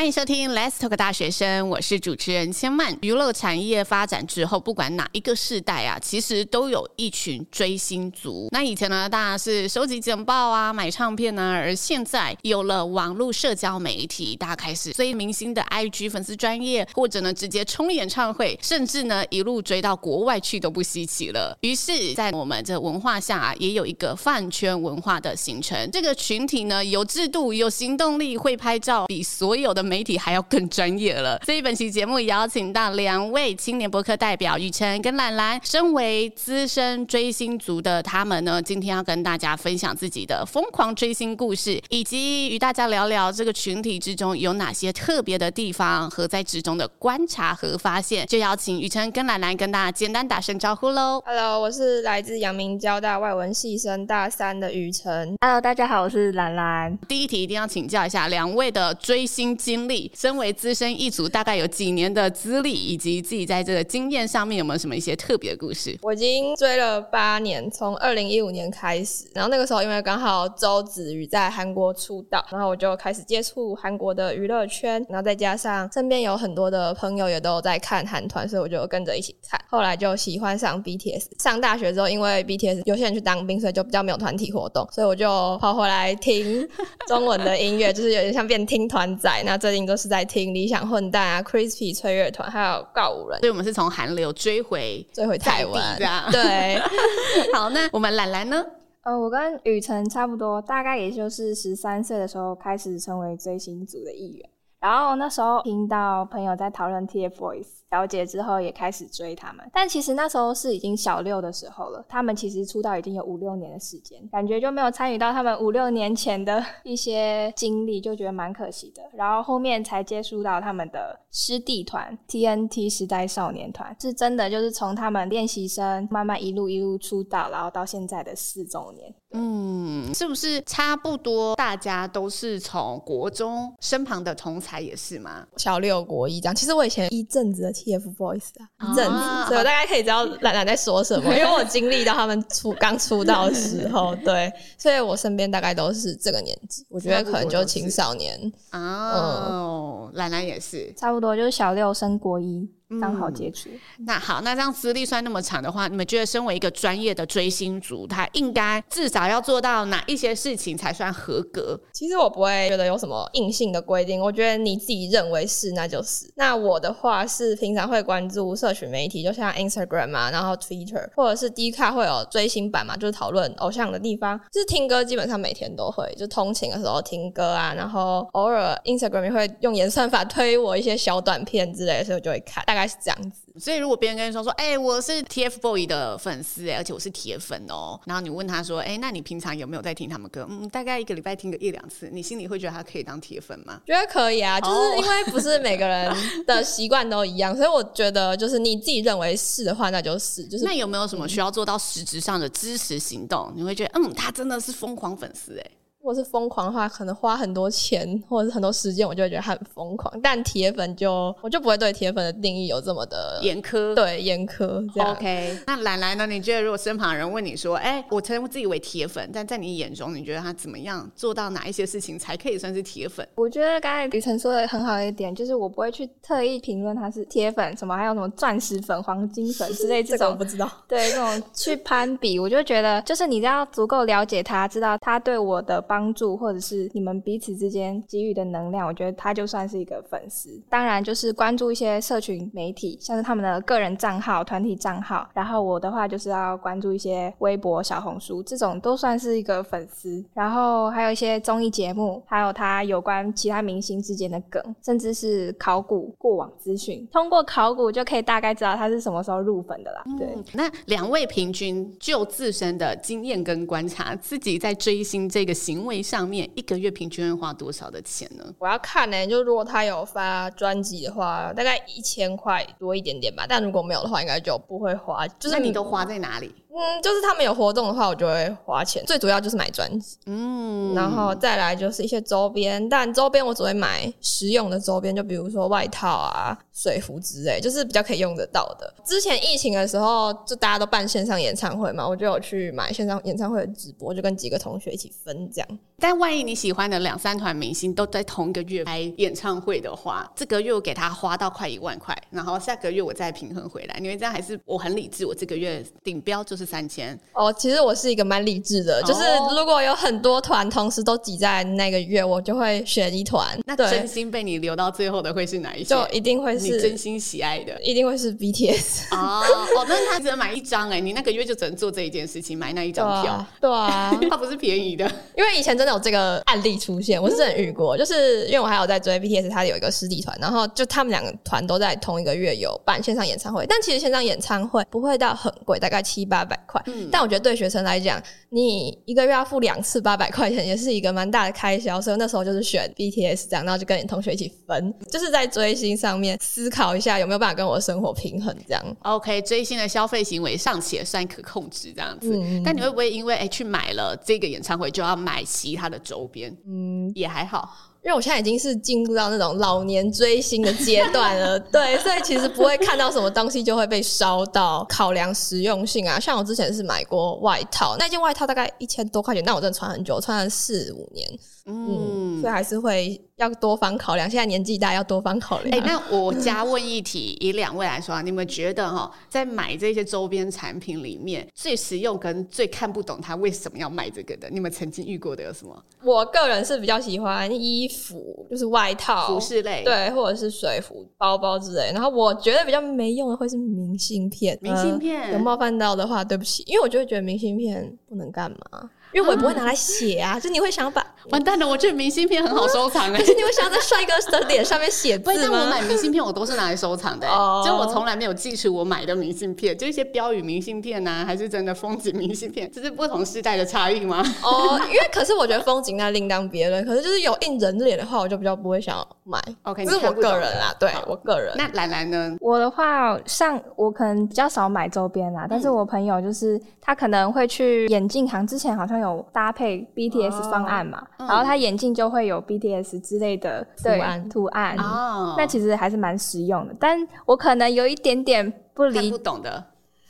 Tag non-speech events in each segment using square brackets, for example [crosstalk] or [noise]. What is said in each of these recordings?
歡迎收聽《Let's Talk 大學生》，我是主持人千曼。娛樂產業發展之後，不管哪一個世代啊，其實都有一群追星族。那以前呢，大家是收集剪報啊，買唱片呢、啊；而現在有了網絡社交媒體，大家開始追明星的 IG 粉絲專業，或者呢直接衝演唱會，甚至呢一路追到國外去都不稀奇了。於是，在我們這文化下，啊，也有一個飯圈文化的形成。這個群體呢，有制度，有行動力，會拍照，比所有的。媒體還要更專業了，所以本期節目邀請到兩位青年播客代表羽辰跟藍藍。身為資深追星族的他們呢，今天要跟大家分享自己的瘋狂追星故事，以及與大家聊聊這個群體之中有哪些特別的地方和在之中的觀察和發現。就邀請羽辰跟藍藍跟大家簡單打聲招呼嘍。Hello，我是來自陽明交大外文系升大三的羽辰。Hello，大家好，我是藍藍。第一題一定要請教一下兩位的追星經。經歷，身為資深一族，大概有幾年的資歷，以及自己在這個經驗上面有沒有什麼一些特別的故事？我已經追了八年，從二零一五年開始。然後那個時候，因為剛好周子瑜在韓國出道，然後我就開始接觸韓國的娛樂圈。然後再加上身邊有很多的朋友也都在看韓團，所以我就跟着一起看。後來就喜歡上 BTS。上大學之後，因為 BTS 有些人去當兵，所以就比較沒有團體活動，所以我就跑回來聽中文的音樂， [laughs] 就是有點像變聽團仔。那這。最近都是在聽理想混蛋啊，Crispy 脆樂團，還有告五人，所以我們是從韓流追回，追回台灣。台，對， [laughs] [laughs] 好，那我們藍藍呢？呃，我跟羽辰差不多，大概也就是十三歲的時候開始成為追星族的一員。然後那時候聽到朋友在討論 TFBOYS，了解之後也開始追他們。但其實那時候是已經小六的時候了，他們其實出道已經有五六年的時間，感覺就沒有參與到他們五六年前的一些經歷，就覺得蠻可惜的。然後後面才接觸到他們的師弟團 TNT 時代少年團，是真的就是從他們練習生慢慢一路一路出道，然後到現在的四周年。嗯，是不是差不多？大家都是從國中身旁的同才也是嗎？小六國一這樣。其實我以前一陣子的 TFBOYS 啊，一陣子，哦、所以我大概可以知道蘭蘭在說什麼， [laughs] 因為我經歷到他們出剛出道的時候， [laughs] 對，所以我身邊大概都是這個年紀。我覺得可能就是青少年哦。蘭蘭、嗯、也是，差不多就是小六升國一。剛好截止、嗯。那好，那這樣資歷算那麼長的話，你們覺得身為一個專業的追星族，他應該至少要做到哪一些事情才算合格？其實我不會覺得有什麼硬性的規定，我覺得你自己認為是那就是。那我的話是平常會關注社群媒體，就像 Instagram 啊，然後 Twitter，或者是 Dcard 會有追星版嘛，就是討論偶像的地方。就是聽歌基本上每天都會，就通勤的時候聽歌啊，然後偶爾 Instagram 也會用演算法推我一些小短片之類的，所以我就會看。應該是這樣子，所以如果別人跟你說說，哎、欸，我是 TFBOYS 的粉絲，哎，而且我是鐵粉哦、喔。然後你問他說，哎、欸，那你平常有沒有在聽他們歌？嗯，大概一個禮拜聽個一兩次。你心裡會覺得他可以當鐵粉嗎？覺得可以啊，哦、就是因為不是每個人的習慣都一樣， [laughs] 所以我覺得就是你自己認為是的話，那就是就是。那有沒有什麼需要做到實質上的支持行動？嗯、你會覺得，嗯，他真的是瘋狂粉絲哎、欸。如果是瘋狂的話，可能花很多錢或者是很多時間，我就會覺得很瘋狂。但鐵粉就我就不會對鐵粉的定義有這麼的嚴苛，對，嚴苛這樣。OK，那藍藍呢？你覺得如果身旁人問你說：“哎、欸，我稱呼自己為鐵粉，但在你眼中，你覺得他怎麼樣？做到哪一些事情才可以算是鐵粉？”我覺得剛才羽辰說的很好一點，就是我不會去特意評論他是鐵粉什麼，還有什麼鑽石粉、黃金粉之類這種， [laughs] 這種不知道。對，這種去攀比， [laughs] 我就覺得就是你要足夠了解他，知道他對我的。幫助或者是你們彼此之間給予的能量，我覺得他就算是一個粉絲。當然就是關注一些社群媒體，像是他們的個人賬號、團體賬號。然後我的話就是要關注一些微博、小紅書這種，都算是一個粉絲。然後還有一些綜藝節目，還有他有關其他明星之間的梗，甚至是考古過往資訊。通過考古就可以大概知道他是什麼時候入粉的啦。對、嗯，那兩位平均就自身的經驗跟觀察，自己在追星這個行行為上面一個月平均會花多少的錢呢？我要看呢、欸，就如果他有發專輯的話，大概一千塊多一點點吧。但如果沒有的話，應該就不會花。就是你都花在哪裡？嗯，就是他們有活動的話，我就會花錢。最主要就是買專輯，嗯，然後再來就是一些周邊，但周邊我只會買實用的周邊，就比如說外套啊、水壺之類，就是比較可以用得到的。之前疫情的時候，就大家都辦線上演唱會嘛，我就有去買線上演唱會的直播，就跟幾個同學一起分這樣。但萬一你喜歡的兩三團明星都在同一個月開演唱會的話，這個月我給他花到快一萬塊，然後下個月我再平衡回來，因為這樣還是我很理智，我這個月頂標就是。是三千哦，其實我是一個蠻理智的，就是如果有很多團同時都擠在那個月，我就會選一團。那真心被你留到最後的會是哪一？就一定會是你真心喜愛的，一定會是 BTS 哦，哦，但是他只能買一張哎、欸，嗯、你那個月就只能做這一件事情，買那一張票對、啊。對啊，他不是便宜的，因為以前真的有這個案例出現，我是真遇過，嗯、就是因為我還有在追 BTS，他有一個師弟團，然後就他們兩個團都在同一個月有辦線上演唱會，但其實線上演唱會不會到很貴，大概七八百塊，嗯、但我覺得對學生來講，你一個月要付兩次八百塊錢，也是一個蠻大的開銷。所以那時候就是選 BTS 這樣，然後就跟你同學一起分，就是在追星上面思考一下有沒有辦法跟我的生活平衡這樣。OK，追星的消費行為尚且算可控制這樣子。嗯、但你會不會因為、欸、去買了這個演唱會就要買其他的周邊？嗯，也還好。因為我現在已經是進入到那種老年追星的階段了， [laughs] 對，所以其實不會看到什麼東西就會被燒到，考量實用性啊。像我之前是買過外套，那件外套大概一千多塊錢，但我真的穿很久，我穿了四五年。嗯，所以還是會要多方考量。現在年紀大，要多方考量。哎、欸，那我加問一題，嗯、以兩位來說啊，你們覺得哈，在買這些周邊產品裡面，最實用跟最看不懂他為什麼要買這個的，你們曾經遇過的有什麼？我個人是比較喜歡衣服，就是外套、服飾類，對，或者是水壺、包包之類。然後我覺得比較沒用的會是明信片。明信片，有冒犯到的話，對不起。因為我就會覺得明信片不能幹嘛，因為我也不會拿來寫啊，啊就你會想把。完蛋了！我覺得明信片很好收藏哎、欸嗯，可是你為什麼要在帥哥的臉上面寫字嗎 [laughs] 為什麼我買明信片，我都是拿來收藏的、欸，哦、就我從來沒有寄出我買的明信片，就一些標語明信片吶、啊，還是真的風景明信片，這是不同時代的差異嗎？哦， [laughs] 因為可是我覺得風景那另當別論，可是就是有印人臉的話，我就比較不會想要買。OK，這是我個人啦、啊，好對我個人。那蘭蘭呢？我的話，像我可能比較少買周邊啦，但是我朋友就是他可能會去眼鏡行，之前好像有搭配 BTS 方案嘛。哦然後他眼鏡就會有 BTS 之類的圖案、嗯、對圖案，圖案 oh, 那其實還是蠻實用的。但我可能有一點點不理看不懂的。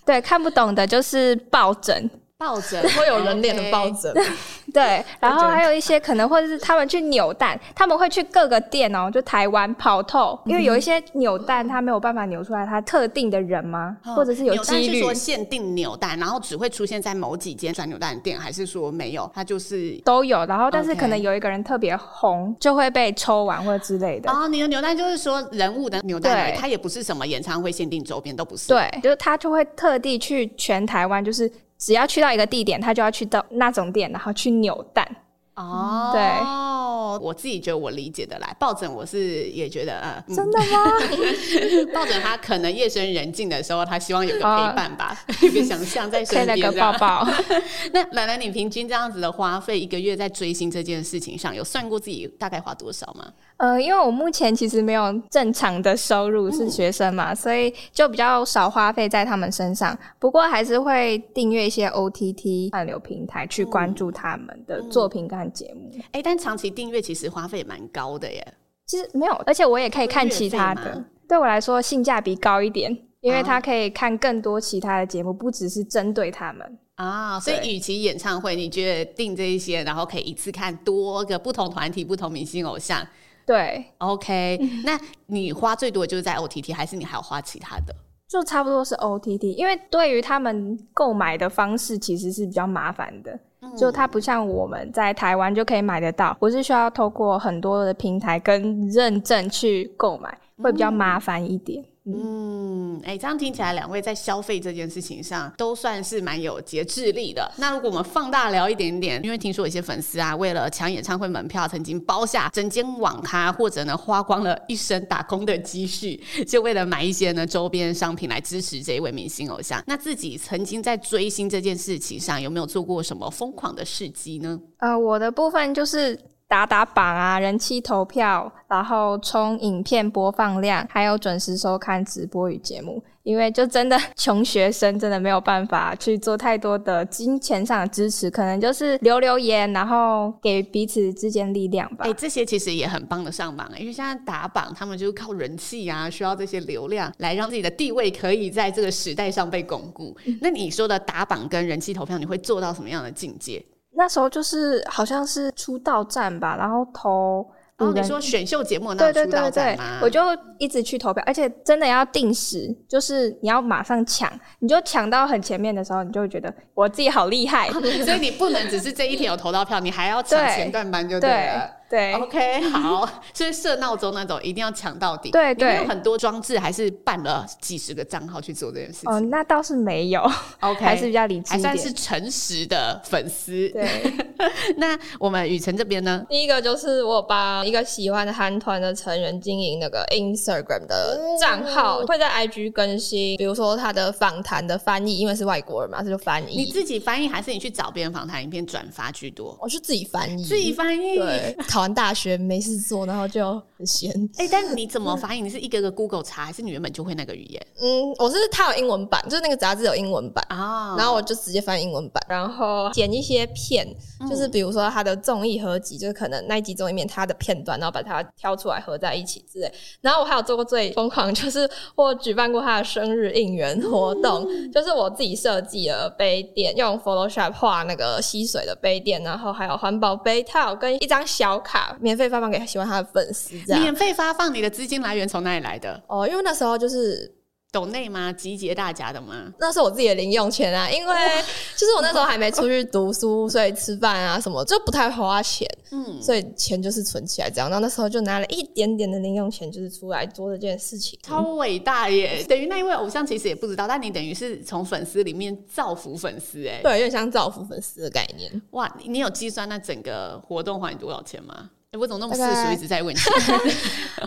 對，看不懂的就是抱枕。抱枕會有人臉的抱枕，對，然後還有一些可能或者是他們去扭蛋，他們會去各個店哦，就台灣跑透，因為有一些扭蛋，他沒有辦法扭出來他特定的人嗎？或者是有幾率說限定扭蛋，然後只會出現在某幾間轉扭蛋店，還是說沒有？他就是都有，然後但是可能有一個人特別紅，就會被抽完或者之類的。哦，你的扭蛋就是說人物的扭蛋，對，他也不是什麼演唱會限定周邊，都不是，對，就是他就會特地去全台灣，就是。只要去到一個地點，他就要去到那種店，然後去扭蛋。哦、嗯，對，哦，我自己覺得我理解的來，抱枕我是也覺得，嗯、真的嗎？ [laughs] 抱枕他可能夜深人靜的時候，他希望有個陪伴吧，有、uh, 個想象在身邊。 [laughs] 抱抱。 [laughs] 那藍藍，藍藍你平均這樣子的花費，一個月在追星這件事情上有算過自己大概花多少嗎？呃，因為我目前其實沒有正常的收入，是學生嘛，嗯、所以就比較少花費在他們身上。不過還是會訂閱一些 OTT 泛流平台去關注他們的作品跟。嗯嗯節目哎，但長期訂閱其實花費也蠻高的耶。其實沒有，而且我也可以看其他的。對我來說性價比高一點，因為它可以看更多其他的節目，不只是針對他們啊。哦、對所以，與其演唱會，你覺得訂這一些，然後可以一次看多個不同團體、不同明星偶像？對，OK、嗯。那你花最多就是在 OTT，還是你還要花其他的？就差不多是 OTT，因為對於他們購買的方式其實是比較麻煩的。就它不像我們在台灣就可以買得到，我是需要透過很多的平台跟認證去購買，會比較麻煩一點。嗯。嗯，哎，這樣聽起來，兩位在消費這件事情上都算是蠻有節制力的。那如果我們放大聊一點點，因為聽說有些粉絲啊，為了搶演唱會門票，曾經包下整間網咖，或者呢，花光了一生打工的積蓄，就為了買一些呢周邊商品來支持這一位明星偶像。那自己曾經在追星這件事情上，有沒有做過什麼瘋狂的事蹟呢？呃，我的部分就是。打打榜啊，人氣投票，然後衝影片播放量，還有準時收看直播與節目。因為就真的窮學生，真的沒有辦法去做太多的金錢上的支持，可能就是留留言，然後給彼此之間力量吧。誒、哎，這些其實也很幫得上忙，因為現在打榜他們就是靠人氣啊，需要這些流量來讓自己的地位可以在這個時代上被鞏固。嗯、那你說的打榜跟人氣投票，你會做到什麼樣的境界？那時候就是好像是出道戰吧，然後投。然後你說選秀節目那出道戰。對對對，我就一直去投票，而且真的要定時，就是你要馬上搶，你就搶到很前面的時候，你就會覺得我自己好厲害， [laughs] 所以你不能只是這一天有投到票， [laughs] 你還要搶前段班就對了。對對對，OK，好，所以設鬧鐘那種一定要搶到底。對 [laughs] 對，對你有很多裝置還是辦了幾十個賬號去做這件事情？哦，那倒是沒有，OK，還是比較理智，還算是誠實的粉絲。對， [laughs] 那我們羽辰這邊呢？第一個就是我幫一個喜歡的韓團的成員經營那個 Instagram 的賬號，嗯、會在 IG 更新，比如說他的訪談的翻譯，因為是外國人嘛，他就翻譯。你自己翻譯還是你去找別人訪談影片轉發居多？我是、嗯、自己翻譯，自己翻譯。對。 [laughs] 考完大學沒事做，然後就很閒。哎、欸，但是你怎麼翻譯？嗯、你是一個一個 Google 查，還是你原本就會那個語言？嗯，我是他有英文版，就是那個雜誌有英文版啊，哦、然後我就直接翻英文版，然後剪一些片，嗯、就是比如說他的綜藝合集，就是可能那一集綜藝裡面他的片段，然後把它挑出來合在一起之類。然後我還有做過最瘋狂，就是我舉辦過他的生日應援活動，嗯、就是我自己設計了杯墊，用 Photoshop 畫那個吸水的杯墊，然後還有環保杯套跟一張小。免費發放給喜歡他的粉絲，這樣。免費發放，你的資金來源從哪裡來的？哦，因為那時候就是。Donate 嗎？集結大家的嗎？那是我自己的零用錢啊，因為就是我那時候還沒出去讀書，哇 所以吃飯啊什麼就不太花錢，嗯，所以錢就是存起來這樣。然後那時候就拿了一點點的零用錢，就是出來做這件事情，超偉大耶！等於那一位偶像其實也不知道，但你等於是從粉絲裡面造福粉絲誒、欸，對，有點像造福粉絲的概念。哇，你有計算那整個活動花你多少錢嗎？欸、我怎麼那麼世俗？一直在問，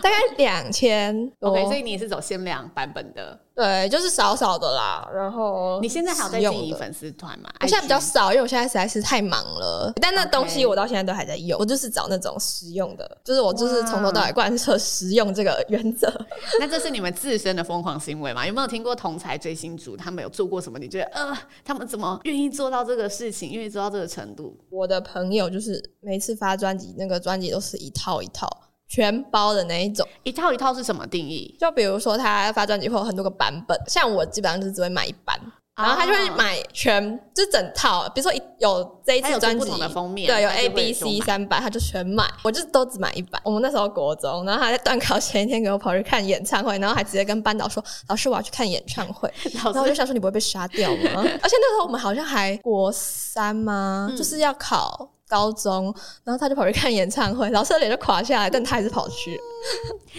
大概兩千。OK，所以你也是走限量版本的。對，就是少少的啦。然後你現在還有在用粉絲團嗎？我現在比較少，因為我現在實在是太忙了。但那東西我到現在都還在用。我就是找那種實用的，就是我就是從頭到尾貫徹實用這個原則。那這是你們自身的瘋狂行為嘛？有沒有聽過同才追星族他們有做過什麼？你覺得呃，他們怎麼願意做到這個事情，願意做到這個程度？我的朋友就是每次發專輯，那個專輯都是一套一套。全包的那一種，一套一套是什麼定義？就比如說他發專輯會有很多個版本，像我基本上就是只會買一版，啊、然後他就會買全，就是整套。比如說一有這一次專輯不同的封面，對，有 A B C 三版，300, 他就全買，我就都只買一版。我們那時候國中，然後他在段考前一天給我跑去看演唱會，然後還直接跟班導說：“ [laughs] 老師，我要去看演唱會。老師。”然後我就想說：“你不會被殺掉嗎？” [laughs] 而且那時候我們好像還國三嗎？嗯、就是要考。高中，然後他就跑去看演唱會，老師的臉就垮下來，但他還是跑去，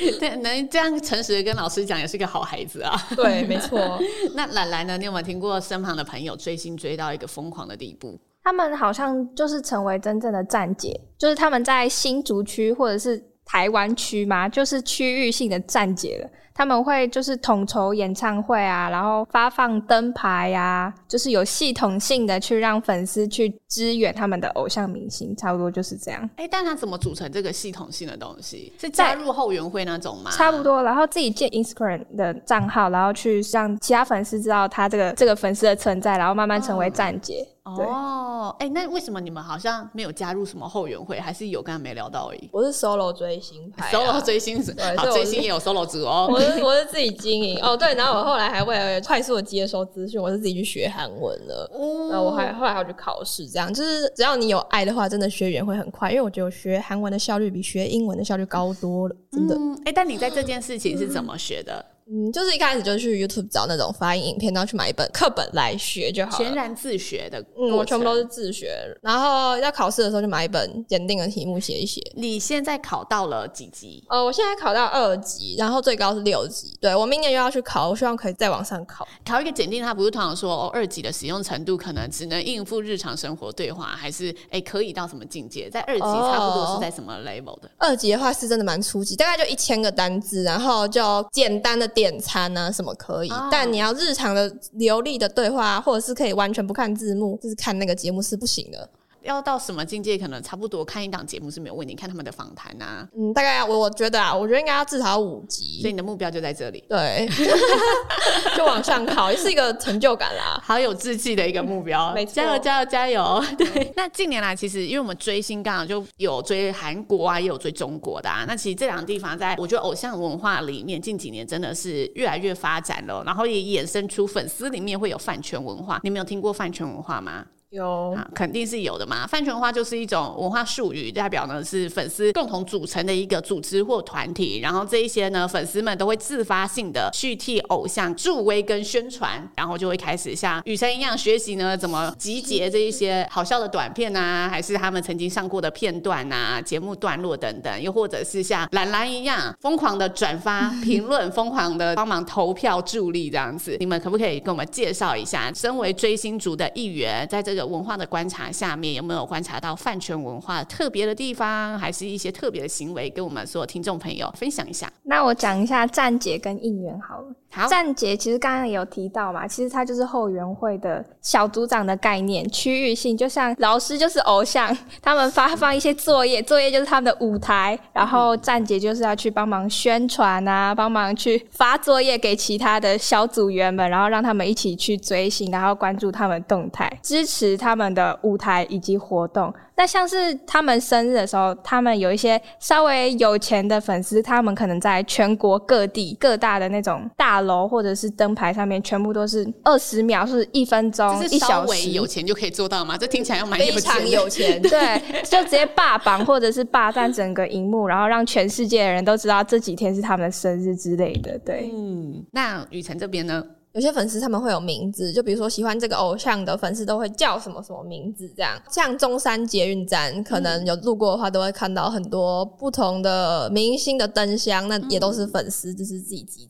嗯。對，能這樣誠實的跟老師講，也是一個好孩子啊。對，沒錯。 [laughs] 那藍藍呢？你有沒有聽過身旁的朋友追星追到一個瘋狂的地步？他們好像就是成為真正的站姐，就是他們在新竹區或者是。台灣區嘛，就是區域性的站姐了。他們會就是統籌演唱會啊，然後發放燈牌呀，啊，就是有系統性的去讓粉絲去支援他們的偶像明星，差不多就是這樣。哎、欸，但他怎麼組成這個系統性的東西？是加入後援會那種嗎？差不多，然後自己建 Instagram 的賬號，然後去讓其他粉絲知道他這個這個粉絲的存在，然後慢慢成為站姐。嗯哦，哎、oh, 對欸，那為什麼你們好像沒有加入什麼後援會？還是有，剛剛沒聊到而已。我是 solo 追星派、啊、，solo [laughs] 追星是，好追星也有 solo 組哦。 [laughs] 我是我是自己經營 [laughs] 哦，對，然後我後來還為了快速的接收資訊，我是自己去學韓文了。嗯、然後我還後來還要去考試，這樣就是只要你有愛的話，真的學語言會很快，因為我覺得我學韓文的效率比學英文的效率高多了，真的。哎、嗯欸，但你在這件事情是怎麼學的？嗯嗯，就是一開始就去 YouTube 找那種發音影片，然後去買一本課本來學就好了。全然自學的，嗯，我全部都是自學。然後要考試的時候就買一本檢定的題目寫一寫。你現在考到了幾級？呃、哦，我現在考到二級，然後最高是六級。對，我明年又要去考，我希望可以再往上考。考一個檢定，它不是通常說哦，二級的使用程度可能只能應付日常生活對話，還是誒、欸、可以到什麼境界？在二級差不多是在什麼 level 的？哦、二級的話是真的蠻初級，大概就一千個單字，然後就簡單的。點餐啊，什麼可以？Oh. 但你要日常的流利的對話，或者是可以完全不看字幕，就是看那個節目是不行的。要到什麼境界？可能差不多看一檔節目是沒有問題。看他們的訪談啊，嗯，大概我覺得啊，我覺得應該要至少五集。所以你的目標就在這裡，對， [laughs] [laughs] 就往上考，也 [laughs] 是一個成就感啦，好有志氣的一個目標。嗯、加油，加油，加油、嗯！對。那近年來，其實因為我們追星，剛好就有追韓國啊，也有追中國的啊。那其實這兩個地方，在我覺得偶像文化裡面，近幾年真的是越來越發展了。然後也衍生出粉絲裡面會有飯圈文化。你沒有聽過飯圈文化嗎？有、啊、肯定是有的嘛。飯圈化，就是一種文化術語，代表呢是粉絲共同組成的一個組織或團體。然後這一些呢，粉絲們都會自發性的去替偶像助威跟宣傳，然後就會開始像羽辰一樣學習呢，怎麼集結這一些好笑的短片啊，還是他們曾經上過的片段啊、節目段落等等，又或者是像藍藍一樣瘋狂的轉發、評論、 [laughs] 瘋狂的幫忙投票助力這樣子。你們可不可以跟我們介紹一下，身為追星族的一員，在這個。文化的觀察，下面有沒有觀察到飯圈文化特別的地方，還是一些特別的行為，跟我們所有聽眾朋友分享一下？那我講一下站姐跟應援好了。好站姐其實剛剛有提到嘛，其實她就是後援會的小組長的概念，區域性，就像老師就是偶像，他們發放一些作業，作業就是他們的舞台，然後站姐就是要去幫忙宣傳啊，幫忙去發作業給其他的小組員們，然後讓他們一起去追星，然後關注他們的動態，支持他們的舞台以及活動。那像是他們生日的時候，他們有一些稍微有錢的粉絲，他們可能在全國各地各大的那種大樓或者是燈牌上面，全部都是二十秒是一分鐘、是一小時，就是稍微有錢就可以做到嗎？這聽起來要蠻有錢，非常有錢，對，就直接霸榜或者是霸占整個熒幕， [laughs] 然後讓全世界的人都知道這幾天是他們生日之類的，對。嗯，那羽辰這邊呢？有些粉絲他們會有名字，就比如說喜歡這個偶像的粉絲都會叫什麼什麼名字，這樣。像中山捷運站，可能有路過的話，嗯、都會看到很多不同的明星的燈箱，那也都是粉絲，就、嗯、是自己集。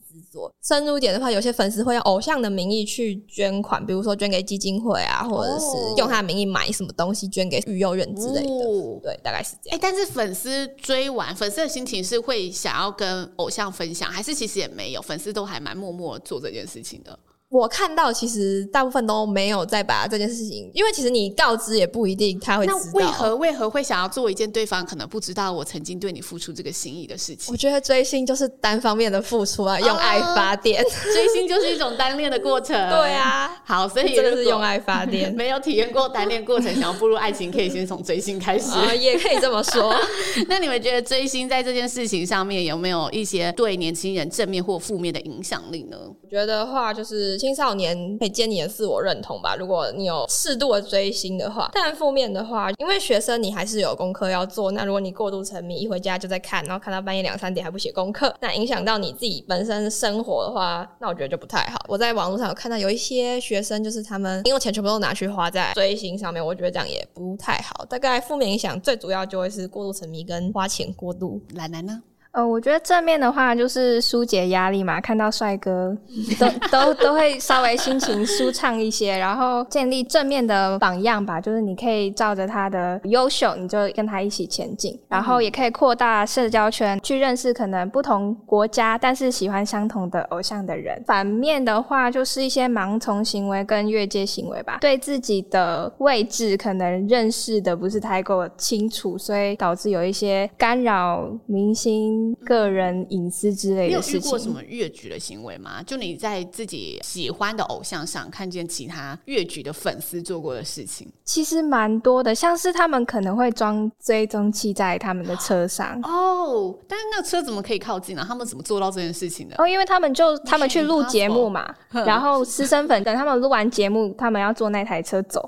深入點的話，有些粉絲會用偶像的名義去捐款，比如說捐給基金會啊，或者是用他的名義買什麼東西捐給育幼院之類的。哦、對，大概是這樣。哎、欸，但是粉絲追完，粉絲的心情是會想要跟偶像分享，還是其實也沒有？粉絲都還蠻默默做這件事情的。我看到，其實大部分都沒有再把這件事情，因為其實你告知也不一定他會知道。那為何為何會想要做一件對方可能不知道我曾經對你付出這個心意的事情？我覺得追星就是單方面的付出啊，用愛發電，哦、 [laughs] 追星就是一種單戀的過程。 [laughs] 對啊，好，所以就是用愛發電，沒有體驗過單戀過程， [laughs] 想要步入愛情，可以先從追星開始，也、 [laughs] uh, yeah, 可以這麼說。 [laughs] 那你們覺得追星在這件事情上面有沒有一些對年輕人正面或負面的影響力呢？我覺得話就是。青少年可以建立你的自我認同吧。如果你有適度的追星的話，但負面的話，因為學生你還是有功課要做。那如果你過度沉迷，一回家就在看，然後看到半夜兩三點還不寫功課，那影響到你自己本身生活的話，那我覺得就不太好。我在網絡上有看到有一些學生，就是他們因為錢全部都拿去花在追星上面，我覺得這樣也不太好。大概負面影響最主要就會是過度沉迷跟花錢過度。奶奶呢？呃、哦，我覺得正面的話就是疏解壓力嘛，看到帥哥都 [laughs] 都都，都會稍微心情舒暢一些，然後建立正面的榜樣吧，就是你可以照着他的優秀，你就跟他一起前進，然後也可以擴大社交圈，去認識可能不同國家但是喜歡相同的偶像的人。反面的話就是一些盲從行為跟越界行為吧，對自己的位置可能認識的不是太過清楚，所以導致有一些干擾明星。個人隱私之類的事情，嗯、有遇過什麼越矩的行為嗎？就你在自己喜歡的偶像上看見其他越矩的粉絲做過的事情。其實蠻多的。像是他們可能會裝追蹤器在他們的車上哦，但是那車怎麼可以靠近呢？他們怎麼做到這件事情的？哦，因為他們就他們去錄節目嘛，然後私生粉 [laughs] 等他們錄完節目，他們要坐那台車走。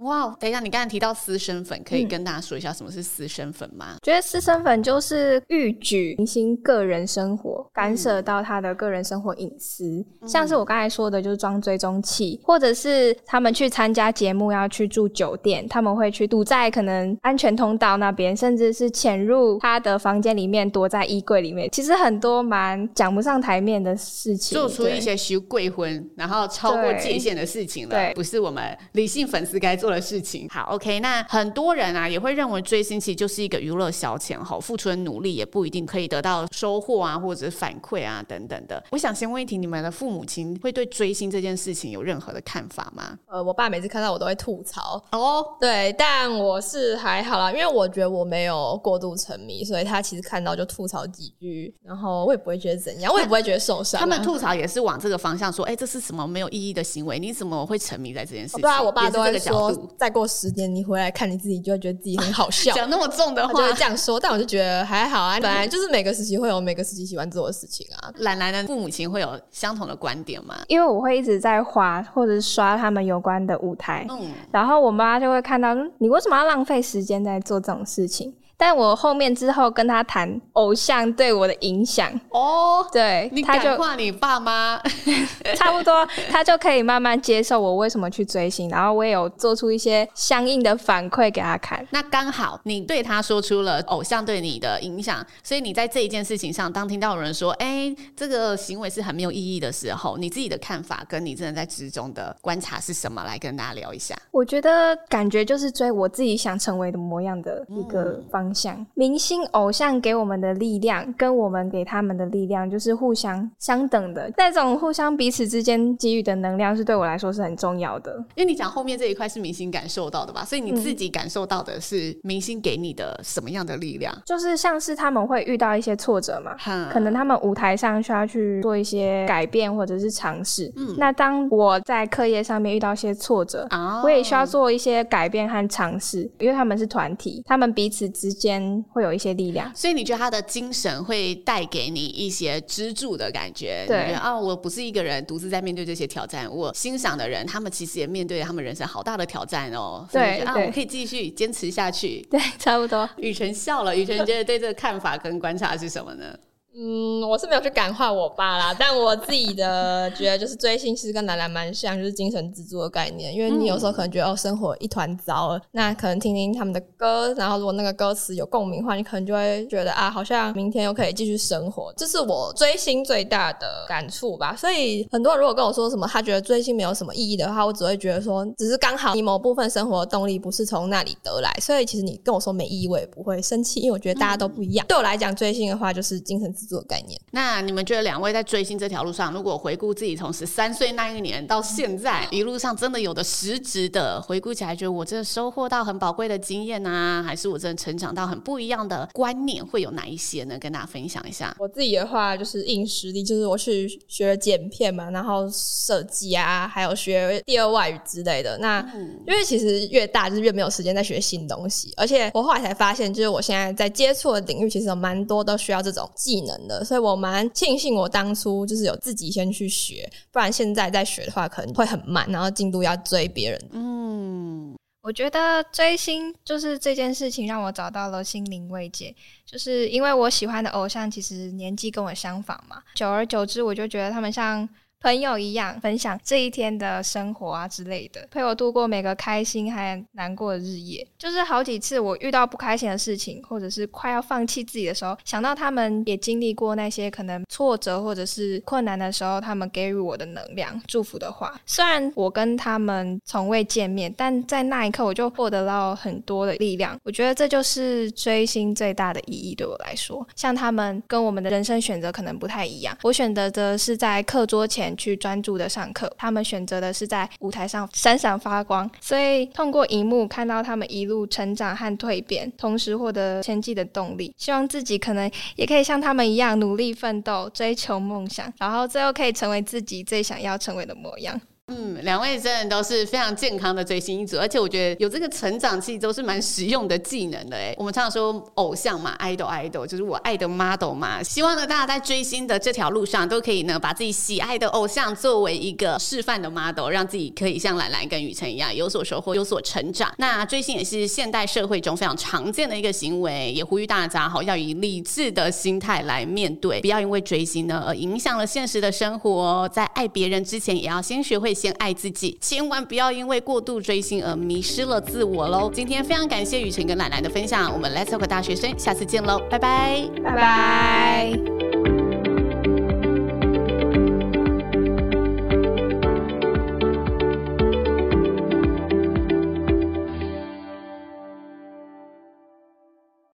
哇，wow, 等一下，你剛才提到私生粉，可以跟大家說一下什麼是私生粉嗎？嗯、覺得私生粉就是欲舉明星個人生活，嗯、干涉到他的個人生活隱私，嗯、像是我剛才說的，就是裝追蹤器，嗯、或者是他們去參加節目要去住酒店，他們會去堵在可能安全通道那邊，甚至是潛入他的房間裡面，躲在衣櫃裡面。其實很多蠻講不上台面的事情，做出一些徐貴婚，對然後超過界限的事情了，對，對不是我們理性粉絲該做的的事情好，OK，那很多人啊也會認為追星其實就是一個娛樂消遣哈，好付出的努力也不一定可以得到收穫啊，或者是反饋啊等等的。我想先問一題，你們的父母親會對追星這件事情有任何的看法嗎？呃，我爸每次看到我都會吐槽哦，對，但我是還好啦，因為我覺得我沒有過度沉迷，所以他其實看到就吐槽幾句，然後我也不會覺得怎樣，啊、我也不會覺得受傷、啊。他們吐槽也是往這個方向說，哎、欸，這是什麼沒有意義的行為？你怎麼會沉迷在這件事情？哦、對啊，我爸都在說。再過十年，你回來看你自己，就會覺得自己很好笑。講那麼重的話，就這樣說。但我就覺得還好啊，本來 [laughs] 就是每個時期會有每個時期喜歡做的事情啊。藍藍的父母親會有相同的觀點嗎？因為我會一直在滑或者刷他們有關的舞台，嗯、然後我媽就會看到，你為什麼要浪費時間在做這種事情？但我後面之後跟他談偶像對我的影響哦，oh, 對，他就化你爸媽， [laughs] [laughs] 差不多，他就可以慢慢接受我為什麼去追星，然後我也有做出一些相應的反饋給他看。那剛好你對他說出了偶像對你的影響，所以你在這一件事情上，當聽到有人說“哎、欸，這個行為是很沒有意義”的時候，你自己的看法跟你真的在之中的觀察是什麼？來跟大家聊一下。我覺得感覺就是追我自己想成為的模樣的一個方。嗯像明星偶像給我們的力量，跟我們給他們的力量，就是互相相等的那種，互相彼此之間給予的能量，是對我來說是很重要的。因為你講後面這一塊是明星感受到的吧？所以你自己感受到的是明星給你的什麼樣的力量？嗯、就是像是他們會遇到一些挫折嘛，嗯、可能他們舞台上需要去做一些改變或者是嘗試。嗯、那當我在課業上面遇到一些挫折啊，哦、我也需要做一些改變和嘗試，因為他們是團體，他們彼此之。間會有一些力量，所以你覺得他的精神會帶給你一些支柱的感覺？對，啊，我不是一個人獨自在面對這些挑戰，我欣賞的人，他們其實也面對他們人生好大的挑戰哦。對，啊，我可以繼續堅持下去。對，差不多。羽辰笑了，羽辰覺得對這個看法跟觀察是什麼呢？ [laughs] 嗯，我是沒有去感化我爸啦， [laughs] 但我自己的覺得就是追星其實跟藍藍蠻像，就是精神支柱的概念。因為你有時候可能覺得哦，生活一團糟了，那可能聽聽他們的歌，然後如果那個歌詞有共鳴的話，你可能就會覺得啊，好像明天又可以繼續生活。這是我追星最大的感觸吧。所以很多人如果跟我說什麼他覺得追星沒有什麼意義的話，我只會覺得說，只是剛好你某部分生活的動力不是從那裡得來。所以其實你跟我說沒意義，我也不會生氣，因為我覺得大家都不一樣。嗯、對我來講，追星的話就是精神支。概念。那你們覺得兩位在追星這條路上，如果回顧自己從十三歲那一年到現在，一路上真的有的實質的回顧起來，覺得我真的收穫到很寶貴的經驗呢？啊，還是我真的成長到很不一樣的觀念？會有哪一些呢？跟大家分享一下。我自己的話就是硬實力，就是我去學剪片嘛，然後設計啊，還有學第二外語之類的。那、嗯、因為其實越大就是越沒有時間在學新東西，而且我後來才發現，就是我現在在接觸的領域其實有蠻多都需要這種技能。所以我蠻慶幸我當初就是有自己先去學，不然現在再學的話可能會很慢，然後進度要追別人。嗯，我覺得追星就是這件事情讓我找到了心靈慰藉，就是因為我喜歡的偶像其實年紀跟我相仿嘛，久而久之我就覺得他們像。朋友一樣，分享這一天的生活啊之類的，陪我度過每個開心還難過的日夜。就是好幾次我遇到不開心的事情，或者是快要放棄自己的時候，想到他們也經歷過那些可能挫折或者是困難的時候，他們給予我的能量、祝福的話，雖然我跟他們從未見面，但在那一刻我就獲得到很多的力量。我覺得這就是追星最大的意義，對我來說，像他們跟我們的人生選擇可能不太一樣，我選擇的是在課桌前。去專注的上課，他們選擇的是在舞台上閃閃發光，所以通過熒幕看到他們一路成長和蛻變，同時獲得前進的動力。希望自己可能也可以像他們一樣努力奮鬥，追求夢想，然後最後可以成為自己最想要成為的模樣。嗯，兩位真的都是非常健康的追星一族，而且我覺得有這個成長期都是蠻實用的技能的。哎，我們常常說偶像嘛，idol idol，就是我愛的 model 嘛。希望呢，大家在追星的這條路上，都可以呢，把自己喜愛的偶像作為一個示範的 model，讓自己可以像藍藍跟羽辰一樣有所收穫、有所成長。那追星也是現代社會中非常常見的一個行為，也呼籲大家好，要以理智的心態來面對，不要因為追星呢而影響了現實的生活。在愛別人之前，也要先學會。先愛自己，千萬不要因為過度追星而迷失了自我嘍！今天非常感謝羽辰跟奶奶的分享，我們 Let's Talk 大學生，下次見嘍，拜拜，拜拜。